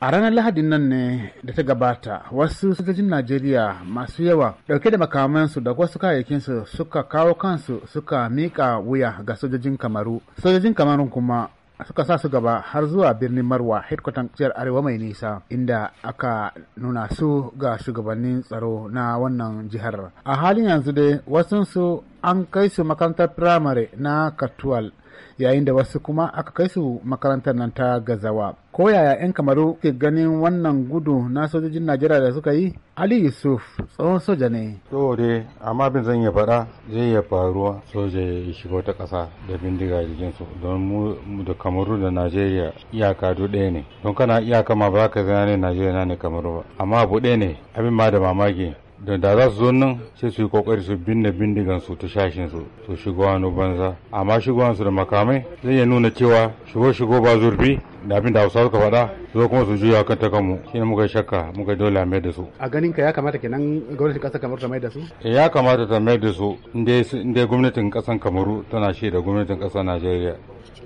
a ranar lahadin nan ne da ta gabata wasu sojojin najeriya masu yawa ɗauke da makamansu da wasu kayayyakinsu suka kawo kansu suka miƙa wuya ga sojojin kamaru sojojin kamarun kuma suka sa su gaba har zuwa birnin marwa hedkwatan jihar arewa mai nisa inda aka nuna su ga shugabannin tsaro na wannan jihar a halin yanzu dai wasunsu an kai su makarantar firamare na Katuwal yayin da wasu kuma aka kai su makarantar nan ta Gazawa. Ko yaya 'yan kamaru ke ganin wannan gudu na sojojin Najeriya da suka yi? Ali Yusuf tsohon soja ne. To dai amma bin zan ya faɗa zai ya faruwa soja ya shiga wata ƙasa da bindiga su don mu da kamaru da Najeriya iyaka duk ɗaya ne. Don kana iyaka ma ba ka zana ne Najeriya na ne kamaru ba. Amma abu ɗaya ne abin ma da mamaki da da za su zo nan sai su yi kokari su binne bindigan su ta shashin su su shigo banza amma shigowansu su da makamai zai ya nuna cewa shigo shigo ba zurfi da abin da hausawa suka faɗa su kuma su juya kan ta kanmu shi ne muka shakka muka dole a mai da su a ganin ka ya kamata kenan gwamnatin ƙasar kamaru ta mai da su eh, ya kamata ta mai da su inda gwamnatin ƙasar kamaru tana shi da gwamnatin ƙasar najeriya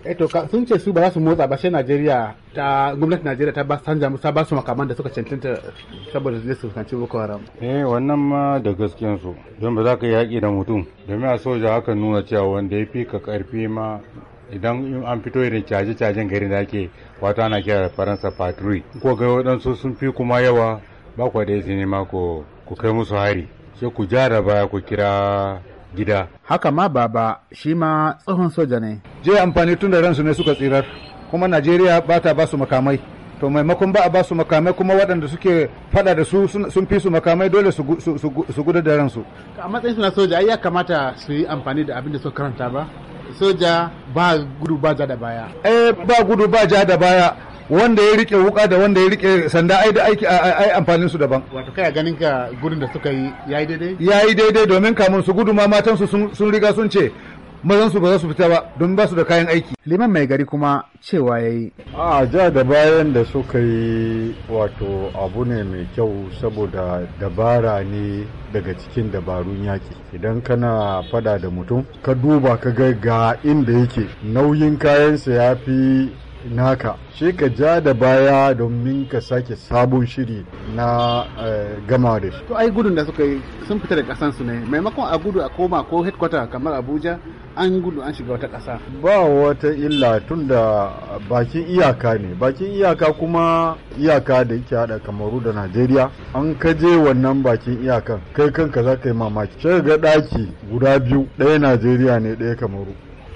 eh to sun ce su ba za su motsa ba sai najeriya ta gwamnatin najeriya ta ba sanja ta ba su makaman da suka cancanta saboda su je su kanci boko haram eh wannan ma da gaskiyan su don ba za ka yaƙi da mutum domin a soja aka nuna cewa wanda ya fi ka ƙarfi ma idan an fito irin caje-cajen gari da ake wato ana kira da faransa patrui ko ga waɗansu sun fi kuma yawa ba ku da izini ma ku kai musu hari sai ku da baya ku kira gida haka ma baba shi ma tsohon soja ne je amfani tun da ransu ne suka tsirar kuma najeriya ba ta ba su makamai to maimakon ba a ba su makamai kuma waɗanda suke fada da su sun fi su makamai dole su gudu da ransu a matsayin suna soja ai ya kamata su yi amfani da abin da suka karanta ba soja ba gudu ba ja da baya eh ba gudu ba ja da baya wanda ya rike wuka da wanda ya rike sanda ai da aiki ai amfanin su daban wato kai ganin ka gudun da suka yi yayi daidai yayi daidai domin kamun su gudu ma matan su sun riga sun ce mazan su ba za su fita ba don ba su da kayan aiki liman mai gari kuma cewa ya yi. a ja da bayan da suka yi wato abu ne mai kyau saboda dabara ne daga cikin dabarun yaƙi idan kana fada da mutum ka duba ka ga ga inda yake nauyin kayansa ya fi naka shi ka ja da baya domin ka sake sabon shiri na eh, gama da shi to ai gudun da suka yi sun fita da kasansu ne maimakon a gudu a koma ko headquarter kamar abuja an gudu an shiga wata kasa Ba wata illa tun da bakin iyaka ne, bakin iyaka kuma iyaka da yake haɗa kamaru da Najeriya. An kaje wannan bakin iyakan, kai kanka za ka yi mamaki. ga ɗaki guda biyu, ɗaya Najeriya ne ɗaya kamaru.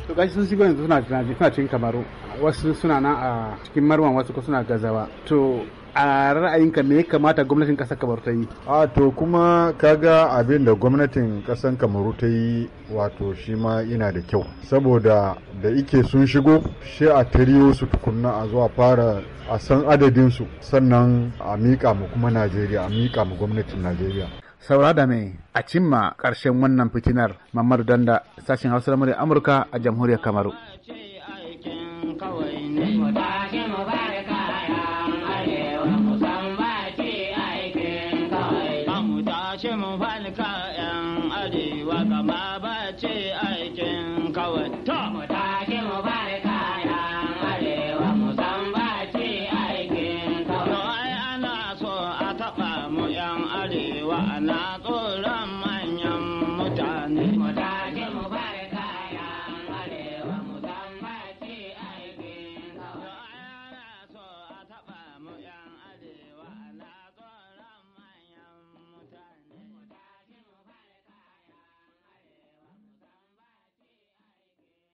to gashi sun shigo yanzu suna suna cikin kamaru wasu suna nan a cikin marwan wasu ko suna gazawa to a ra'ayinka me ya kamata gwamnatin kasar kamaru ta yi a to kuma kaga abin da gwamnatin kasar kamaru ta yi wato shi ma yana da kyau saboda da ike sun shigo shi a tariyo su tukunna a zuwa fara a san adadinsu sannan a miƙa mu kuma najeriya a miƙa mu gwamnatin najeriya saura da mai a cimma karshen wannan fitinar mamadu danda sashen hausa da amurka a jamhuriyar kamaru I'm Empanado